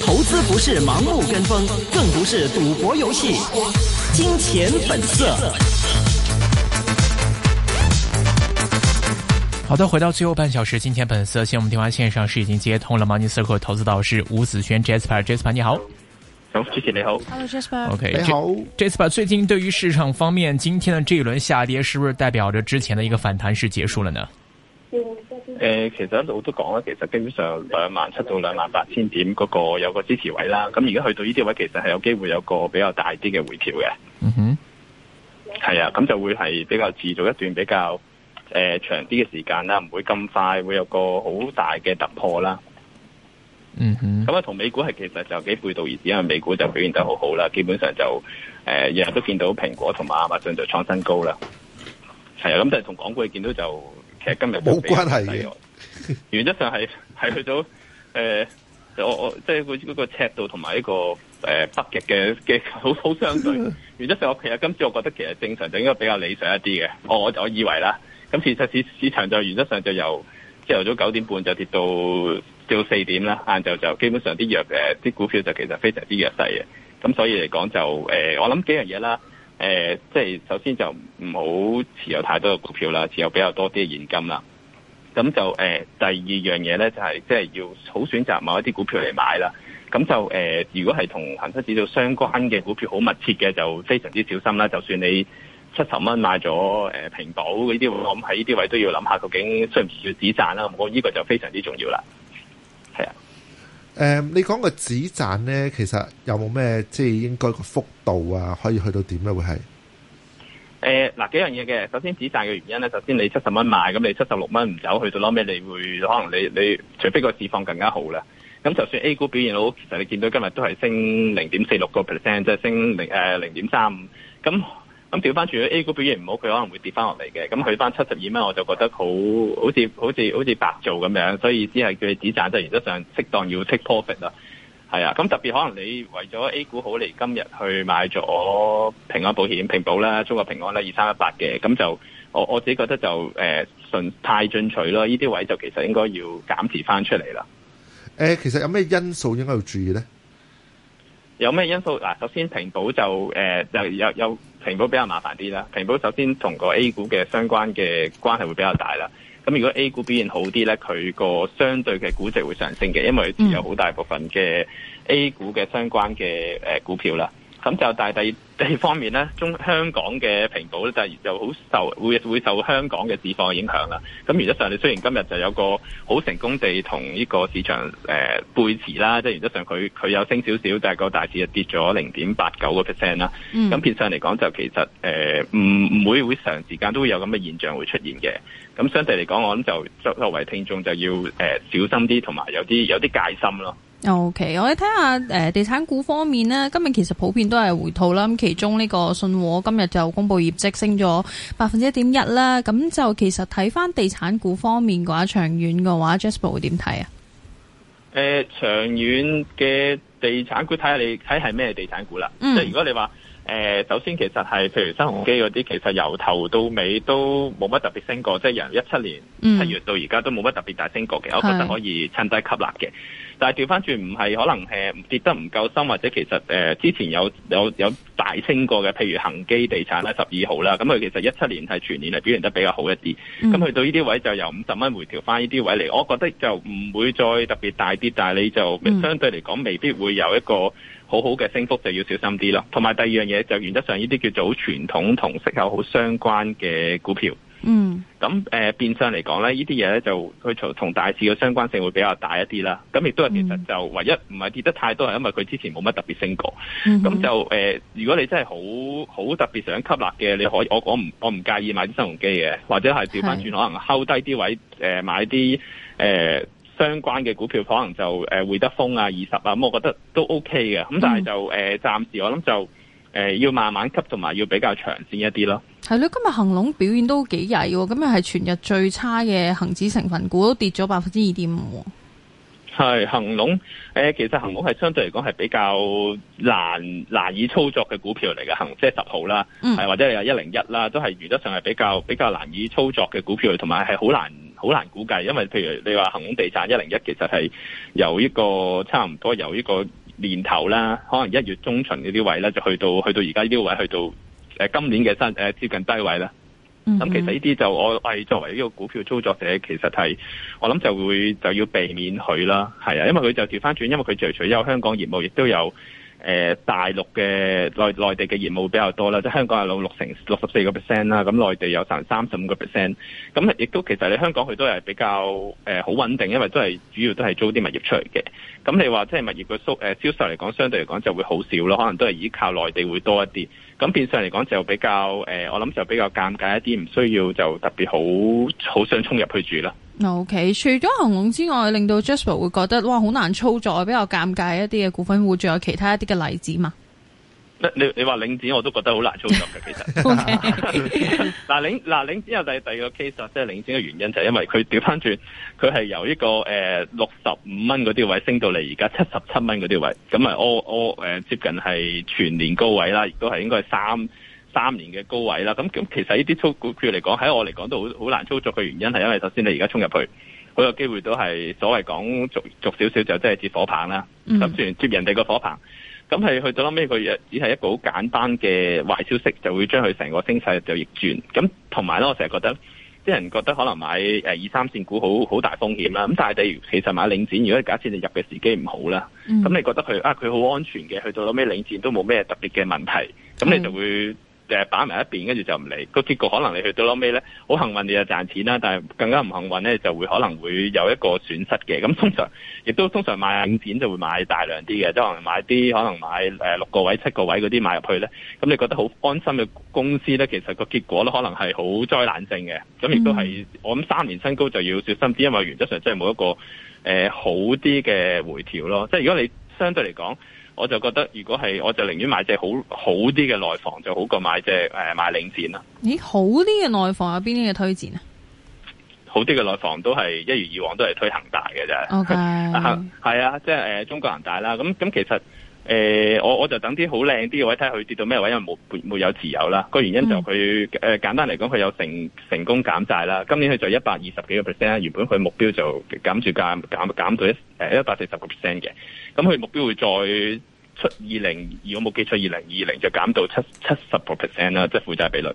投資不是盲目跟風，更不是賭博遊戲。金錢本色。好的，回到最後半小時，金錢本色。現在我們電話線上是已經接通了，Money Circle 投資導師吳子軒，Jasper，Jasper，你好。好，謝謝你好。Hello Jasper，Okay, 你好。Jasper, 最近對於市場方面，今天的這一輪下跌，是不是代表着之前的一個反彈是結束了呢？誒、呃，其實我都講啦，其實基本上兩萬七到兩萬八千點嗰個有個支持位啦。咁而家去到呢啲位，其實係有機會有個比較大啲嘅回調嘅。嗯哼、mm，係、hmm。啊，咁就會係比較持續一段比較誒、呃、長啲嘅時間啦，唔會咁快會有個好大嘅突破啦。嗯哼、mm，咁、hmm。啊同美股係其實就有幾背道而馳，因為美股就表現得很好好啦，基本上就誒日日都見到蘋果同埋亞馬遜就創新高啦。係啊，咁就同港股你見到就。誒，今日冇關係 原則上係去到誒、呃，我我即係佢嗰個尺度同埋一個、呃、北極嘅嘅好好相對。原則上，我其實今次我覺得其實正常就應該比較理想一啲嘅，我我就以為啦。咁事實市市場就原則上就由朝頭早九點半就跌到跌到四點啦，晏晝就基本上啲弱啲股票就其實非常之弱勢嘅。咁所以嚟講就、呃、我諗幾樣嘢啦。誒、呃，即係首先就唔好持有太多嘅股票啦，持有比較多啲現金啦。咁就誒、呃，第二樣嘢咧就係、是、即係要好選擇某一啲股票嚟買啦。咁就誒、呃，如果係同恒生指數相關嘅股票好密切嘅，就非常之小心啦。就算你七十蚊買咗誒、呃、平保呢啲，我諗喺呢啲位都要諗下，究竟需唔需要止賺啦？咁我呢個就非常之重要啦。係啊。誒、嗯，你講個止賺咧，其實有冇咩即係應該個幅度啊，可以去到點咧？會係誒，嗱幾樣嘢嘅。首先止賺嘅原因咧，首先你七十蚊買，咁你七十六蚊唔走，去到攞咩？你會可能你你，你，除非個市況更加好啦。咁就算 A 股表現好，其實你見到今日都係升零點四六個 percent，即係升零誒零點三五咁。咁掉翻轉，A 股表現唔好，佢可能會跌翻落嚟嘅。咁佢翻七十二蚊，我就覺得好好似好似好似白做咁樣，所以只係叫佢止賺，即係原則上適當要 take profit 啦。係啊，咁特別可能你為咗 A 股好嚟，今日去買咗平安保險平保啦，中國平安啦，二三一八嘅，咁就我我自己覺得就誒、呃、順太進取咯，呢啲位就其實應該要減持翻出嚟啦。其實有咩因素應該要注意咧？有咩因素嗱？首先平保就有、呃、有。有有平保比較麻煩啲啦，平保首先同個 A 股嘅相關嘅關係會比較大啦。咁如果 A 股表現好啲咧，佢個相對嘅估值會上升嘅，因為佢持有好大部分嘅 A 股嘅相關嘅股票啦。咁就第二方面咧，中香港嘅平保咧就好受會，會受香港嘅市況影響啦。咁原則上，你雖然今日就有個好成功地同呢個市場誒、呃、背持啦，即係原則上佢佢有升少少，但係個大市就跌咗零點八九個 percent 啦。咁變相嚟講，就其實誒唔唔會會長時間都會有咁嘅現象會出現嘅。咁相對嚟講，我諗就作作為聽眾就要誒、呃、小心啲，同埋有啲有啲戒心咯。O、okay, K，我哋睇下誒地產股方面咧，今日其實普遍都係回吐啦。咁其中呢個信和今日就公布業績升咗百分之一點一啦。咁就其實睇返地產股方面嘅話，長遠嘅話，Jasper 會點睇啊？誒、呃，長遠嘅地產股睇下你睇係咩地產股啦。即係、嗯、如果你話誒、呃，首先其實係譬如新鴻基嗰啲，其實由頭到尾都冇乜特別升過，嗯、即係由一七年七月到而家都冇乜特別大升過嘅，是我覺得可以趁低吸納嘅。但係調翻轉唔係可能跌得唔夠深，或者其實誒、呃、之前有有有大升過嘅，譬如恆基地產啦、十二號啦，咁佢其實一七年係全年係表現得比較好一啲，咁、嗯、去到呢啲位就由五十蚊回調翻呢啲位嚟，我覺得就唔會再特別大跌，但係你就相對嚟講未必會有一個好好嘅升幅，就要小心啲咯。同埋第二樣嘢就原則上呢啲叫做好傳統同息口好相關嘅股票。嗯，咁誒變相嚟講咧，呢啲嘢咧就佢同同大市嘅相關性會比較大一啲啦。咁亦都係其實就唯一唔係跌得太多，係因為佢之前冇乜特別升過。咁、嗯、哼就誒、呃，如果你真係好好特別想吸納嘅，你可以我我唔我唔介意買啲新鴻基嘅，或者係調翻轉可能拋低啲位誒、呃、買啲誒、呃、相關嘅股票，可能就誒、呃、會德豐啊、二十啊，咁我覺得都 OK 嘅。咁但係就誒、呃、暫時我諗就。誒、呃，要慢慢吸，同埋要比較長線一啲咯。係咯，今日恒隆表現都幾曳，今日係全日最差嘅恒指成分股，都跌咗百分之二點五。係恒隆，誒、呃，其實恒隆係相對嚟講係比較難難以操作嘅股票嚟嘅，恒即係十號啦，係、嗯、或者你話一零一啦，都係原則上係比較比較難以操作嘅股票，同埋係好難好難估計，因為譬如你話恒隆地產一零一，其實係由一個差唔多由一個。年頭啦，可能一月中旬呢啲位咧，就去到去到而家呢啲位，去到誒今年嘅新誒接近低位啦。咁、mm hmm. 其實呢啲就我係作為呢個股票操作者，其實係我諗就會就要避免佢啦，係啊，因為佢就調翻轉，因為佢除咗有香港業務，亦都有。誒、呃、大陸嘅內內地嘅業務比較多啦，即係香港有六六成六十四個 percent 啦，咁內地有成三十五個 percent，咁亦都其實你香港佢都係比較誒好穩定，因為都係主要都係租啲物業出嚟嘅，咁你話即係物業嘅銷誒銷售嚟講，相對嚟講就會好少咯，可能都係依靠內地會多一啲，咁變相嚟講就比較誒、呃，我諗就比較尷尬一啲，唔需要就特別好好想衝入去住啦。O、okay, K，除咗恒隆之外，令到 Jasper 會覺得哇好難操作，比較尷尬一啲嘅股份，會仲有其他一啲嘅例子嘛？你你話領展，我都覺得好難操作嘅。其實嗱領嗱領展有第第二個 case 啊，即係領展嘅原因就係因為佢掉返轉，佢係由一個誒六十五蚊嗰啲位升到嚟而家七十七蚊嗰啲位，咁啊、呃，我我誒接近係全年高位啦，亦都係應該係三三年嘅高位啦，咁咁其實呢啲操股票嚟講，喺我嚟講都好好難操作嘅原因係因為首先你而家衝入去，好有機會都係所謂講逐逐少少就即係接火棒啦，咁、嗯、算接人哋個火棒，咁係去到後屘佢只係一個好簡單嘅壞消息，就會將佢成個升勢就逆轉。咁同埋咧，我成日覺得啲人覺得可能買誒二三線股好好大風險啦，咁但係你其實買領展，如果假設你入嘅時機唔好啦，咁、嗯、你覺得佢啊佢好安全嘅，去到後屘領展都冇咩特別嘅問題，咁你就會。嗯就係擺埋一邊，跟住就唔理個結果。可能你去到後尾咧，好幸運你就賺錢啦，但係更加唔幸運咧，就會可能會有一個損失嘅。咁通常亦都通常買影片就會買大量啲嘅，即係可能買啲可能買六個位、七個位嗰啲買入去咧。咁你覺得好安心嘅公司咧，其實個結果咧可能係好災難性嘅。咁亦都係我諗三年新高就要小心啲，因為原則上真係冇一個、呃、好啲嘅回調咯。即係如果你相對嚟講。我就覺得，如果係，我就寧願買隻好好啲嘅內房，就好過買隻誒、呃、買領展啦、啊。咦，好啲嘅內房有邊啲嘅推薦啊？好啲嘅內房都係一如以往都係推恒大嘅啫。O K，係啊，即係誒，中國恒大啦。咁咁其實。誒，我、呃、我就等啲好靚啲嘅位睇下佢跌到咩位，因為冇沒有持有啦。個原因就佢誒、嗯呃、簡單嚟講，佢有成成功減債啦。今年佢就一百二十幾個 percent，原本佢目標就減住價減減到一誒一百四十個 percent 嘅。咁佢目標會再出二零，如果冇記錯，二零二零就減到七七十個 percent 啦，即、就、係、是、負債比率。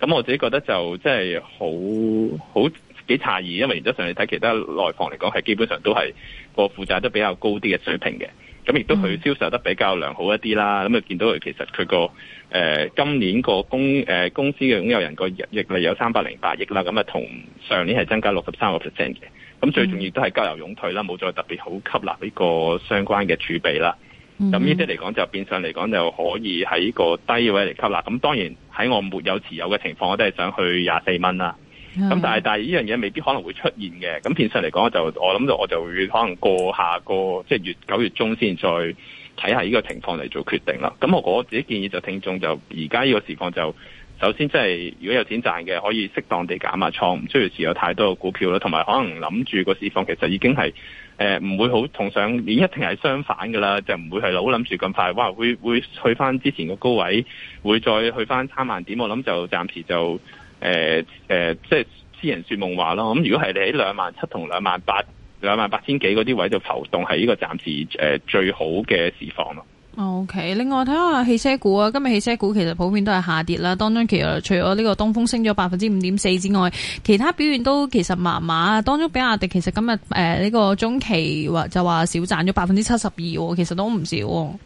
咁我自己覺得就真係好好幾詫異，因為原則上你睇，其他內房嚟講係基本上都係個負債都比較高啲嘅水平嘅。咁亦都佢銷售得比較良好一啲啦，咁啊、嗯、見到佢其實佢個誒今年個公誒、呃、公司嘅擁有人個溢利有三百零八億啦，咁啊同上年係增加六十三個 percent 嘅，咁、嗯、最重要都係交由勇退啦，冇再特別好吸納呢個相關嘅儲備啦。咁呢啲嚟講就變相嚟講就可以喺個低位嚟吸納啦。咁當然喺我沒有持有嘅情況，我都係想去廿四蚊啦。咁、嗯、但係，但係呢樣嘢未必可能會出現嘅。咁變相嚟講我就，就我諗到我就會可能過下個即係月九月中先再睇下呢個情況嚟做決定啦。咁我自己建議就聽眾就而家呢個時況就首先即係如果有錢賺嘅，可以適當地減下倉，唔需要持有太多嘅股票啦。同埋可能諗住個市況其實已經係誒唔會好同上年一定係相反㗎啦，就唔會係好諗住咁快哇會會去翻之前個高位，會再去翻三萬點。我諗就暫時就。誒誒、呃呃，即係痴人說夢話咯。咁如果係你喺兩萬七同兩萬八、兩萬八千幾嗰啲位度浮動，係呢個暫時誒最好嘅市況咯。OK，另外睇下汽車股啊，今日汽車股其實普遍都係下跌啦。當中其實除咗呢個東風升咗百分之五點四之外，其他表現都其實麻麻。當中比亞迪其實今日誒呢，呃這個中期話就話少賺咗百分之七十二，其實都唔少。誒、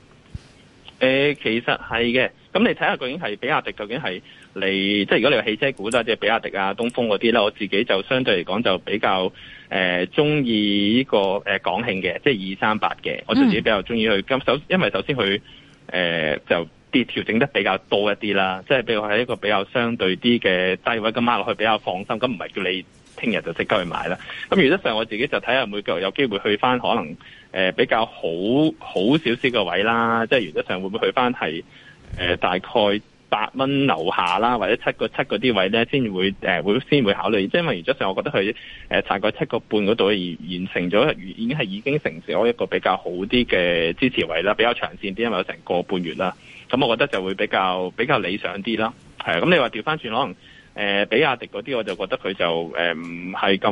呃，其實係嘅。咁你睇下究，究竟係比亞迪究竟係你，即係如果你話汽車股啦，即係比亞迪啊、東風嗰啲啦，我自己就相對嚟講就比較誒中意呢個誒港興嘅，即係二三八嘅。我自己比較中意佢咁首，嗯、因為首先佢誒、呃、就跌調整得比較多一啲啦，即係譬如話係一個比較相對啲嘅低位咁買落去比較放心。咁唔係叫你聽日就即刻去買啦。咁原則上我自己就睇下每個有機會去翻可能誒比較好好少少嘅位啦。即係原則上會唔會去翻係？誒、呃，大概八蚊樓下啦，或者七個七個啲位呢，先會誒會先會考慮，即係因為原則上，我覺得佢誒七七個半嗰度而完成咗，已已經係已經成咗一個比較好啲嘅支持位啦，比較長線啲，因為有成個半月啦，咁我覺得就會比較比較理想啲啦。係、呃、咁你話調翻轉，可能。誒，比亞迪嗰啲，我就覺得佢就誒唔係咁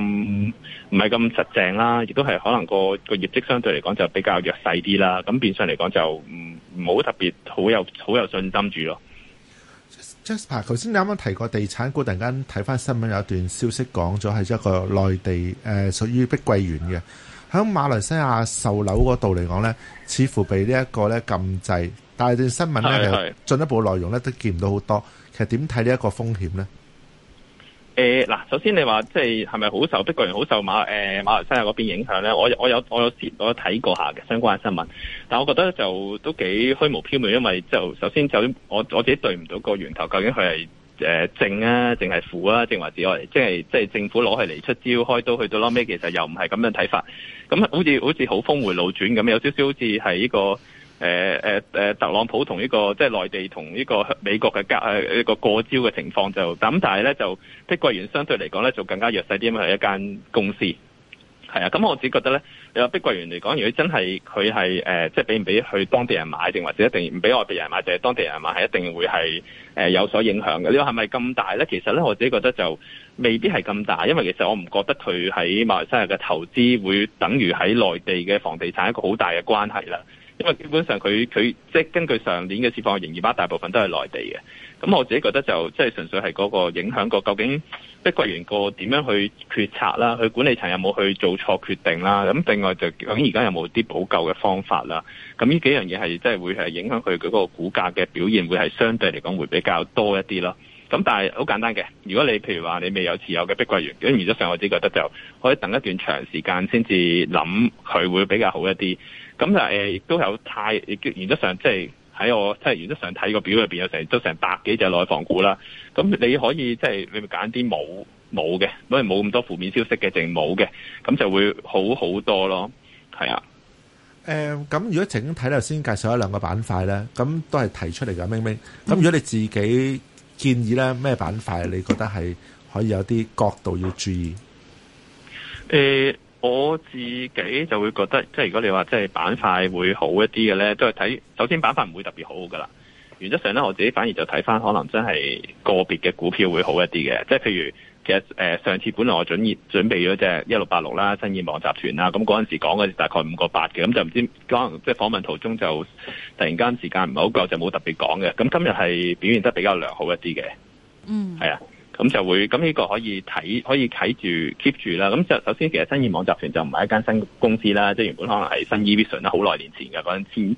唔係咁實淨啦，亦都係可能個個業績相對嚟講就比較弱勢啲啦。咁變相嚟講就唔唔好特別好有好有信心住咯。Jasper，頭先你啱啱提過地產股，突然間睇翻新聞有一段消息講咗係一個內地誒屬於碧桂園嘅，喺馬來西亞售樓嗰度嚟講呢，似乎被呢一個呢禁制，但係段新聞呢，其實是是 進一步內容呢都見唔到好多。其實點睇呢一個風險呢？誒，嗱、呃，首先你話即係係咪好受碧桂園好受馬誒、呃、馬來西亞嗰邊影響咧？我我有我有我睇過下嘅相關嘅新聞，但我覺得就都幾虛無縹緲，因為就首先就我我自己對唔到個源頭，究竟佢係誒正啊，定係負啊，定話之外，即係即係政府攞嚟出招開刀去到拉尾，其實又唔係咁樣睇法。咁好似好似好峰回路轉咁，有少少好似係呢個。誒誒誒，特朗普同呢、呢個即係內地同呢個美國嘅交一個過招嘅情況就咁，但係咧就碧桂園相對嚟講咧就更加弱勢啲，因為一間公司係啊，咁我自己覺得咧，有碧桂園嚟講，如果真係佢係誒即係俾唔俾佢當地人買，定或者一定唔俾外地人買，定係當地人買，係一定會係誒、呃、有所影響嘅。呢個、是是呢話係咪咁大咧？其實咧我自己覺得就未必係咁大，因為其實我唔覺得佢喺馬來西亞嘅投資會等於喺內地嘅房地產一個好大嘅關係啦。因為基本上佢佢即係根據上年嘅情況，營業額大部分都係內地嘅。咁我自己覺得就即係純粹係嗰個影響過究竟，即係碧桂園個點樣去決策啦，佢管理層有冇去做錯決定啦？咁另外就究竟而家有冇啲補救嘅方法啦？咁呢幾樣嘢係即係會係影響佢佢嗰個股價嘅表現，會係相對嚟講會比較多一啲咯。咁但係好簡單嘅，如果你譬如話你未有持有嘅碧桂園，咁原則上我自己覺得就可以等一段長時間先至諗佢會比較好一啲。咁就誒亦都有太，原則上即係喺我即係原則上睇個表入邊有成都成百幾隻內房股啦。咁你可以即係你咪揀啲冇冇嘅，因為冇咁多負面消息嘅，淨冇嘅，咁就會好好多咯。係啊。誒、呃，咁如果整體頭先介紹一兩個板塊咧，咁都係提出嚟嘅，明明。咁如果你自己。建議咧咩板塊，你覺得係可以有啲角度要注意？誒、欸，我自己就會覺得，即係如果你話即係板塊會好一啲嘅咧，都係睇，首先板塊唔會特別好噶啦。原則上咧，我自己反而就睇返可能真係個別嘅股票會好一啲嘅，即係譬如。其實誒，上次本來我准了意準備咗隻一六八六啦，新意網集團啦，咁嗰陣時講嘅大概五個八嘅，咁就唔知可能即係訪問途中就突然間時間唔係好夠，就冇特別講嘅。咁今日係表現得比較良好一啲嘅，嗯，係啊，咁就會咁呢個可以睇可以睇住 keep 住啦。咁就首先其實新意網集團就唔係一間新公司啦，即係原本可能係新 eVision 啦，好耐年前嘅嗰陣千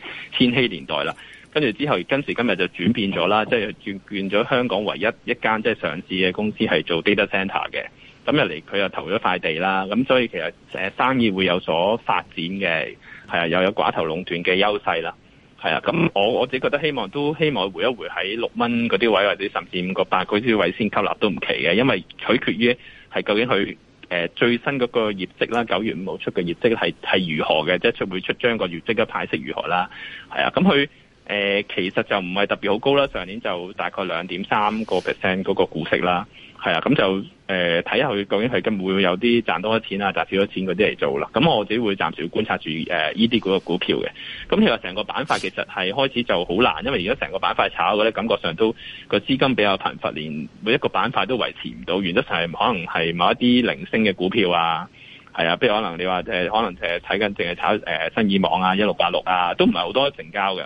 千禧年代啦。跟住之後，今時今日就轉變咗啦，即係轉變咗香港唯一一間即係上市嘅公司係做 data center 嘅。咁入嚟佢又投咗塊地啦，咁所以其實生意會有所發展嘅，係啊又有寡頭壟斷嘅優勢啦，係啊。咁我我自己覺得希望都希望回一回喺六蚊嗰啲位或者甚至五個八嗰啲位先吸納都唔奇嘅，因為取決於係究竟佢、呃、最新嗰個業績啦，九月五號出嘅業績係係如何嘅，即係出會出張個業績嘅派息如何啦，係啊，咁佢。誒、呃，其實就唔係特別好高啦。上年就大概兩點三個 percent 嗰個股息啦，係啊，咁就誒睇下佢究竟係跟會有啲賺多啲錢啊，賺少多錢嗰啲嚟做啦。咁、嗯、我自己會暫時觀察住誒呢啲股個股票嘅。咁其實成個板塊其實係開始就好難，因為而家成個板塊炒嘅咧，感覺上都個資金比較貧乏，連每一個板塊都維持唔到，原則上係可能係某一啲零星嘅股票啊，係啊，不如可能你話誒、呃，可能誒睇緊淨係炒誒、呃、新意網啊，一六八六啊，都唔係好多成交嘅。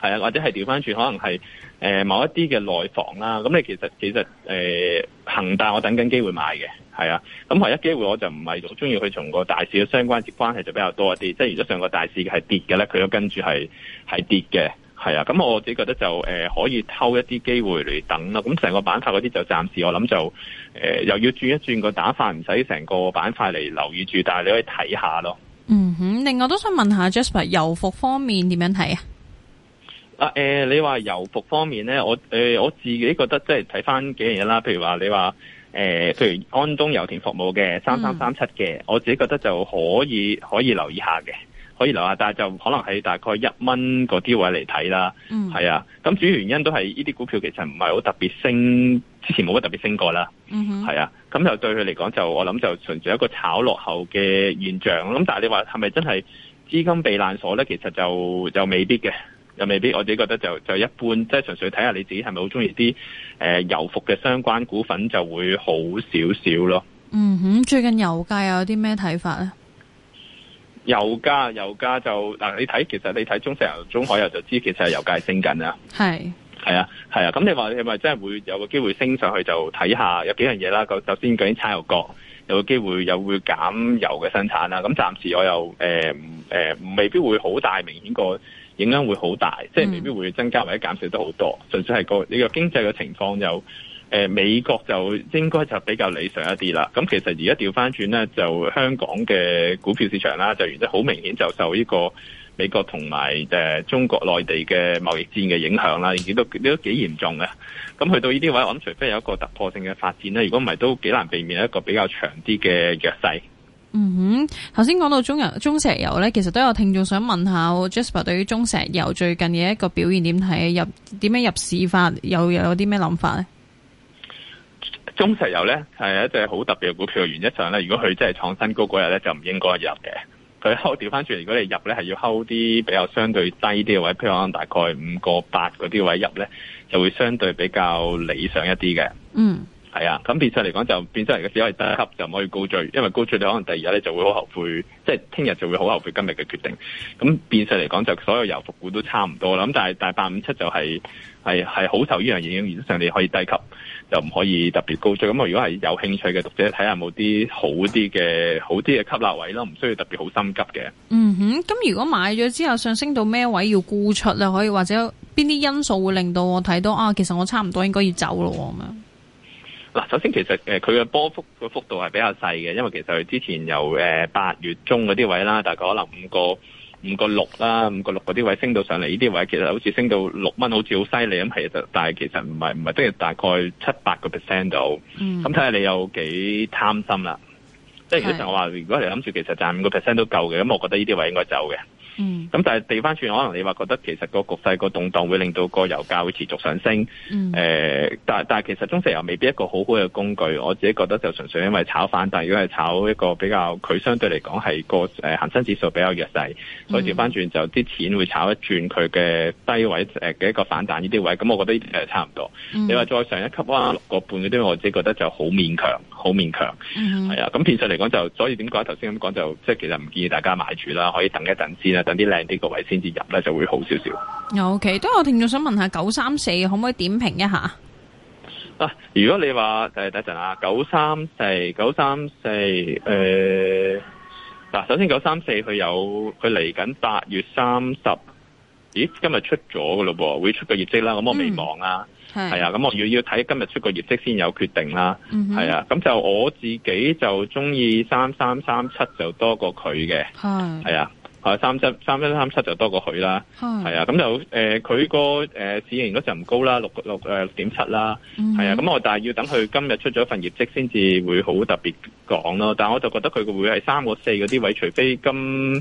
係啊，或者係調翻轉，可能係誒、呃、某一啲嘅內房啦、啊。咁你其實其實誒恒、呃、大，我等緊機會買嘅係啊。咁唯一機會我就唔係好中意去從個大市嘅相關關係就比較多一啲。即係如果上個大市係跌嘅咧，佢都跟住係係跌嘅係啊。咁我自己覺得就誒、呃、可以偷一啲機會嚟等啦，咁成個板塊嗰啲就暫時我諗就誒、呃、又要轉一轉個打法，唔使成個板塊嚟留意住，但係你可以睇下咯。嗯哼，另外我都想問下 Jasper 油服方面點樣睇啊？啊，呃、你話油服方面咧，我、呃、我自己覺得即係睇翻幾樣嘢啦。譬如話你話誒、呃，譬如安東油田服務嘅三三三七嘅，嗯、我自己覺得就可以可以留意下嘅，可以留意下，可以留意下，但係就可能係大概一蚊嗰啲位嚟睇啦。嗯，係啊。咁主要原因都係呢啲股票其實唔係好特別升，之前冇乜特別升過啦。嗯哼，係啊。咁就對佢嚟講就，我諗就純粹一個炒落後嘅現象。咁但係你話係咪真係資金避難所咧？其實就就未必嘅。又未必，我自己覺得就就一般，即係純粹睇下你自己係咪好中意啲誒油服嘅相關股份就會好少少咯。嗯哼，最近油價有啲咩睇法咧？油價油價就嗱，你睇其實你睇中石油、中海油就知，其實係油價升緊啦。係係啊係啊，咁、啊嗯、你話你係咪真係會有個機會升上去？就睇下有幾樣嘢啦。首先講啲產油國有個機會又會減油嘅生產啦。咁暫時我又誒、呃呃、未必會好大明顯過。影響會好大，即係未必會增加或者減少得好多，純粹係個呢個經濟嘅情況有，誒、呃、美國就應該就比較理想一啲啦。咁其實而家調翻轉咧，就香港嘅股票市場啦，就其實好明顯就受呢個美國同埋誒中國內地嘅貿易戰嘅影響啦，亦都都幾嚴重嘅。咁去到呢啲位，我諗除非有一個突破性嘅發展咧，如果唔係都幾難避免一個比較長啲嘅弱勢。嗯哼，頭先講到中油、中石油咧，其實都有聽眾想問下 Jasper 對於中石油最近嘅一個表現點睇，入點樣入市法，又有啲咩諗法咧？中石油咧係一隻好特別嘅股票，原則上咧，如果佢真係創新高嗰日咧，就唔應該入嘅。佢回調返轉，如果你入咧，係要 hold 啲比較相對低啲嘅位，譬如可能大概五個八嗰啲位入咧，就會相對比較理想一啲嘅。嗯。.係啊，咁變勢嚟講就變勢嚟嘅，只可以低級就唔可以高追，因為高追你可能第二日咧就會好後悔，即係聽日就會好後悔今日嘅決定。咁變勢嚟講就所有油服股都差唔多啦。咁但係大八五七就係係係好受呢樣影響，原則上你可以低級就唔可以特別高追。咁我如果係有興趣嘅讀者，睇下冇啲好啲嘅好啲嘅吸納位咯，唔需要特別好心急嘅。嗯哼，咁如果買咗之後上升到咩位要沽出啊？可以或者邊啲因素會令到我睇到啊？其實我差唔多應該要走咯咁樣。嗱，首先其實誒佢嘅波幅個幅度係比較細嘅，因為其實佢之前由誒八月中嗰啲位啦，大概可能五個五個六啦，五個六嗰啲位升到上嚟，呢啲位其實好似升到六蚊，好似好犀利咁其實，但係其實唔係唔係，即係大概七八個 percent 度，咁睇下你有幾貪心啦，即係、嗯、其實我話，如果你諗住其實賺五個 percent 都夠嘅，咁我覺得呢啲位應該走嘅。嗯，咁、嗯嗯、但係掉返轉，可能你話覺得其實個局勢、個動蕩會令到個油價會持續上升，嗯，誒、呃，但但係其實中石油未必一個好好嘅工具，我自己覺得就純粹因為炒反彈，但如果係炒一個比較佢相對嚟講係個誒恒生指數比較弱勢，嗯、所以掉返轉就啲錢會炒一轉佢嘅低位誒嘅、呃、一個反彈呢啲位，咁我覺得呢啲係差唔多。嗯、你話再上一級啊六個半嗰啲，嗯、我自己覺得就好勉強。好勉強，係啊、mm，咁現實嚟講就，所以點講？頭先咁講就，即係其實唔建議大家買住啦，可以等一陣先啦，等啲靚啲個位先至入咧，就會好少少。OK，都有聽眾想問下九三四可唔可以點評一下？啊，如果你話誒，等一陣啊，九三四九三四誒，嗱，首先九三四佢有佢嚟緊八月三十，咦，今日出咗嘅喇喎，會出個業績啦，咁我未望啊。Mm hmm. 係啊，咁我要要睇今日出個業績先有決定啦。係、mm hmm. 啊，咁就我自己就中意三三三七就多過佢嘅。係、mm，係、hmm. 啊，三七三三七就多過佢啦。係、mm，hmm. 啊，咁就誒，佢個誒市盈率就唔高啦，六六六點七啦。係、mm hmm. 啊，咁我但係要等佢今日出咗份業績先至會好特別講咯。但我就覺得佢個會係三個四嗰啲位，除非今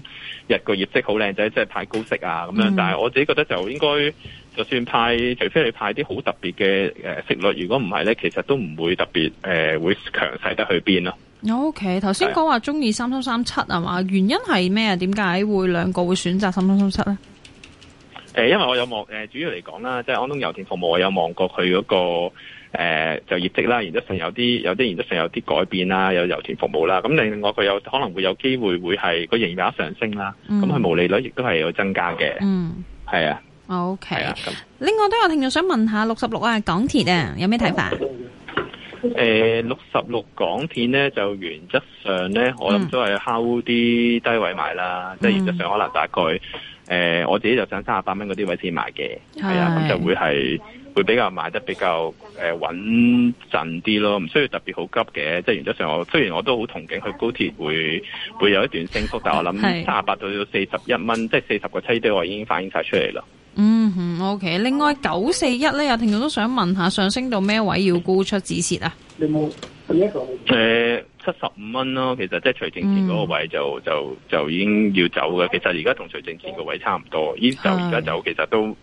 日個業績好靚仔，即係太高息啊咁樣。Mm hmm. 但係我自己覺得就應該。就算派，除非你派啲好特別嘅誒息率，如果唔係咧，其實都唔會特別誒、呃、會強勢得去邊咯。OK，頭先講話中意三三三七係嘛？原因係咩啊？點解會兩個會選擇三三三七咧、呃？因為我有望、呃、主要嚟講啦，即係安東油田服務我有望過佢嗰、那個、呃、就業績啦，然之後有啲有啲，然之後有啲改變啦，有油田服務啦，咁另外佢有可能會有機會會係個營業額上升啦，咁佢、嗯、毛利率亦都係有增加嘅，嗯，係啊。OK，是、啊、另外都有聽眾想問下六十六啊，港鐵啊，有咩睇法？誒、呃，六十六港鐵呢，就原則上呢，我諗都係敲啲低位買啦。嗯、即係原則上，可能大概誒、呃，我自己就想三十八蚊嗰啲位置買嘅，係啊，咁就會係會比較買得比較誒穩陣啲咯，唔需要特別好急嘅。即係原則上我，我雖然我都好憧憬去高鐵會會有一段升幅，但我諗三十八到四十一蚊，即係四十個七堆，我已經反映晒出嚟啦。嗯、mm hmm，OK。另外九四一咧，有聽眾都想問下，上升到咩位要沽出止蝕啊？你冇一誒，七十五蚊咯。其實即係徐正前嗰個位就就就已經要走嘅。其實而家同徐正前個位差唔多，依就而家就其實都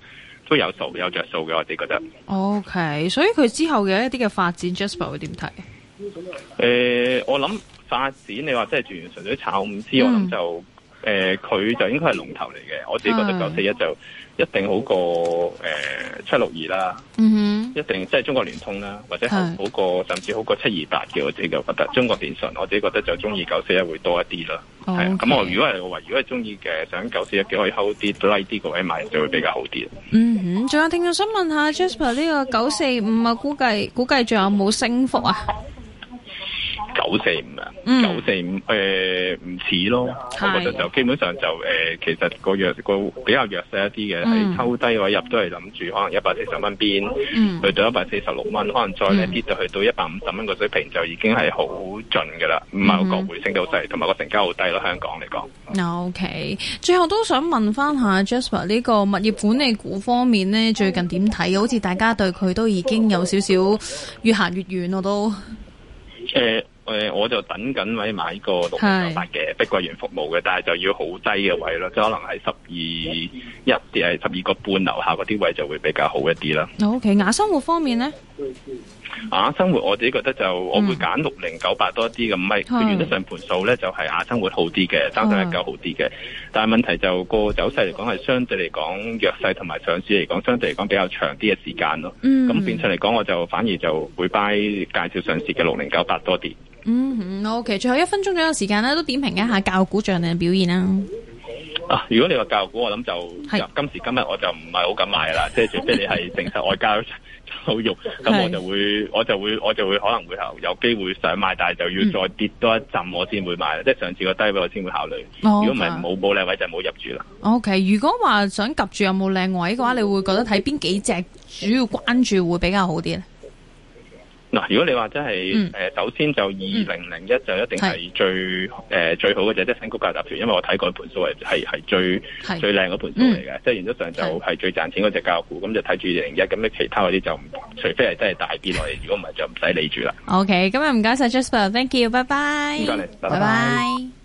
都有數有着數嘅。我哋覺得 OK。所以佢之後嘅一啲嘅發展，Jasper 會點睇？誒、呃，我諗發展，你話即係完純粹炒，唔知我諗就。誒，佢、呃、就應該係龍頭嚟嘅，我自己覺得九四一就一定好過誒七六二啦，mm hmm. 一定即係中國聯通啦，或者好過、mm hmm. 甚至好過七二八嘅，我自己就覺得。中國電信我自己覺得就中意九四一會多一啲咯。係 Okay.，咁我如果係我話，如果係中意嘅，想九四一嘅可以 hold 啲低啲嗰位買就會比較好啲。嗯仲、mm hmm, 有聽眾想問一下 Jasper 呢個九四五啊，估計估計仲有冇升幅啊？九四五啊，九四五誒，唔似、呃、咯，是我覺得就基本上就誒、呃，其實個弱個比較弱勢一啲嘅，係、嗯、抽低位入都係諗住可能一百四十蚊邊，嗯、去到一百四十六蚊，可能再靚啲，就、嗯、去到一百五十蚊個水平，就已經係好盡噶啦，唔係、嗯、個匯升到細同埋個成交好低咯，香港嚟講。OK，最後都想問翻下 Jasper 呢個物業管理股方面呢，最近點睇？好似大家對佢都已經有少少越行越遠，我都誒。我就等緊位買個六零九八嘅碧桂園服務嘅，是但係就要好低嘅位咯，即可能係十二一定係十二個半樓下嗰啲位就會比較好一啲啦。O K，雅生活方面咧，雅生活我自己覺得就我會揀六零九八多啲嘅咪，佢原則上盤數咧就係雅生活好啲嘅，三三一九好啲嘅，是但係問題就個走勢嚟講係相對嚟講弱勢，同埋上市嚟講相對嚟講比較長啲嘅時間咯。咁、嗯、變相嚟講，我就反而就會 buy 介紹上市嘅六零九八多啲。嗯，OK，最後一分鐘左右的時間啦，都點評一下教育股仗嘅表現啦。啊，如果你話教育股，我諗就係今時今日我就唔係好敢買啦。即係除非你係淨係外交好用，咁我就會我就會我就會可能會有有機會想買，但係就要再跌多一陣我先會買。嗯、即係上次個低位我先會考慮。如果唔係冇冇靚位就冇入住啦。OK，如果話想及住有冇靚位嘅話，你會覺得睇邊幾隻主要關注會比較好啲？嗱，如果你話真係，誒、嗯呃，首先就二零零一就一定係最，誒、嗯呃，最好嘅隻，即、就、係、是、新高教集團，因為我睇過盤數係最是最靚嗰盤數嚟嘅，嗯、即係原則上就係最賺錢嗰隻教育股，咁就睇住二零零一，咁你其他嗰啲就除非係真係大啲落嚟，如果唔係就唔使理住啦。OK，今日唔該晒 Jasper，Thank you，拜拜。拜拜。Bye bye. Bye bye.